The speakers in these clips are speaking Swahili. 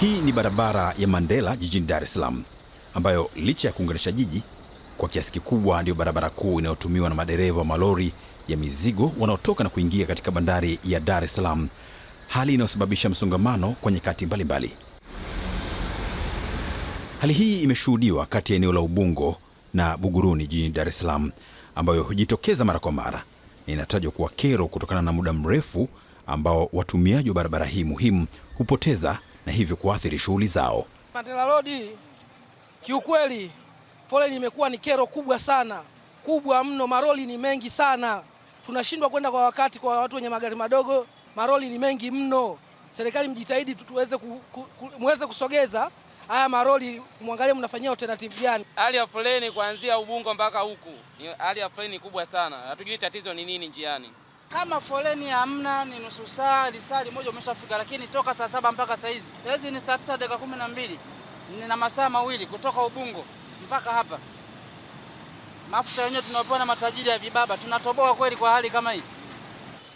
Hii ni barabara ya Mandela jijini Dar es Salaam ambayo licha ya kuunganisha jiji kwa kiasi kikubwa ndiyo barabara kuu inayotumiwa na madereva wa malori ya mizigo wanaotoka na kuingia katika bandari ya Dar es Salaam, hali inayosababisha msongamano kwa nyakati mbalimbali. Hali hii imeshuhudiwa kati ya eneo la Ubungo na Buguruni jijini Dar es Salaam, ambayo hujitokeza mara kwa mara na inatajwa kuwa kero kutokana na muda mrefu ambao watumiaji wa barabara hii muhimu hupoteza na hivyo kuathiri shughuli zao. Mandela Road kiukweli, foleni imekuwa ni kero kubwa sana, kubwa mno. Maroli ni mengi sana, tunashindwa kwenda kwa wakati. Kwa watu wenye magari madogo, maroli ni mengi mno. Serikali mjitahidi tuweze ku, ku, ku, muweze kusogeza haya maroli, mwangalie mnafanyia alternative gani. Hali ya foleni kuanzia Ubungo mpaka huku, hali ya foleni kubwa sana, hatujui tatizo ni nini njiani kama foleni hamna, ni nusu saa, lisali moja umeshafika, lakini toka saa saba mpaka saa hizi, saa hizi ni saa tisa dakika kumi na mbili nina masaa mawili kutoka Ubungo mpaka hapa. Mafuta yenyewe tunapewa na matajiri ya vibaba, tunatoboa kweli kwa hali kama hii?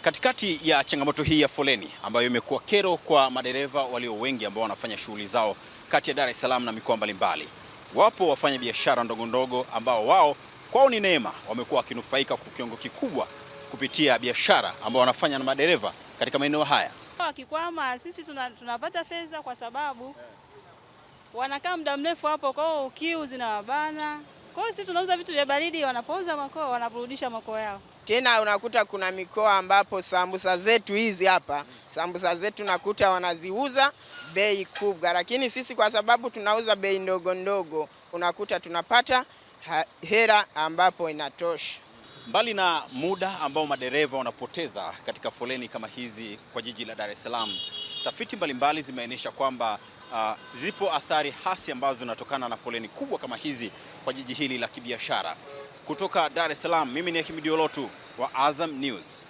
Katikati ya changamoto hii ya foleni ambayo imekuwa kero kwa madereva walio wengi ambao wanafanya shughuli zao kati ya Dar es Salaam na mikoa mbalimbali, wapo wafanya biashara ndogo ndogo ambao wao kwao ni neema, wamekuwa wakinufaika kwa kiwango kikubwa kupitia biashara ambao wanafanya na madereva katika maeneo haya. Wakikwama sisi tunapata fedha kwa sababu wanakaa muda mrefu hapo, kwa hiyo kiu zinawabana. Kwa hiyo sisi tunauza vitu vya baridi, wanapouza makoo wanaburudisha makoo yao. Tena unakuta kuna mikoa ambapo sambusa zetu hizi hapa, sambusa zetu nakuta wanaziuza bei kubwa, lakini sisi kwa sababu tunauza bei ndogo ndogo, unakuta tunapata hera ambapo inatosha. Mbali na muda ambao madereva wanapoteza katika foleni kama hizi kwa jiji la Dar es Salaam, tafiti mbalimbali zimeonyesha kwamba uh, zipo athari hasi ambazo zinatokana na foleni kubwa kama hizi kwa jiji hili la kibiashara. Kutoka Dar es Salaam, mimi ni Hakim Diolotu wa Azam News.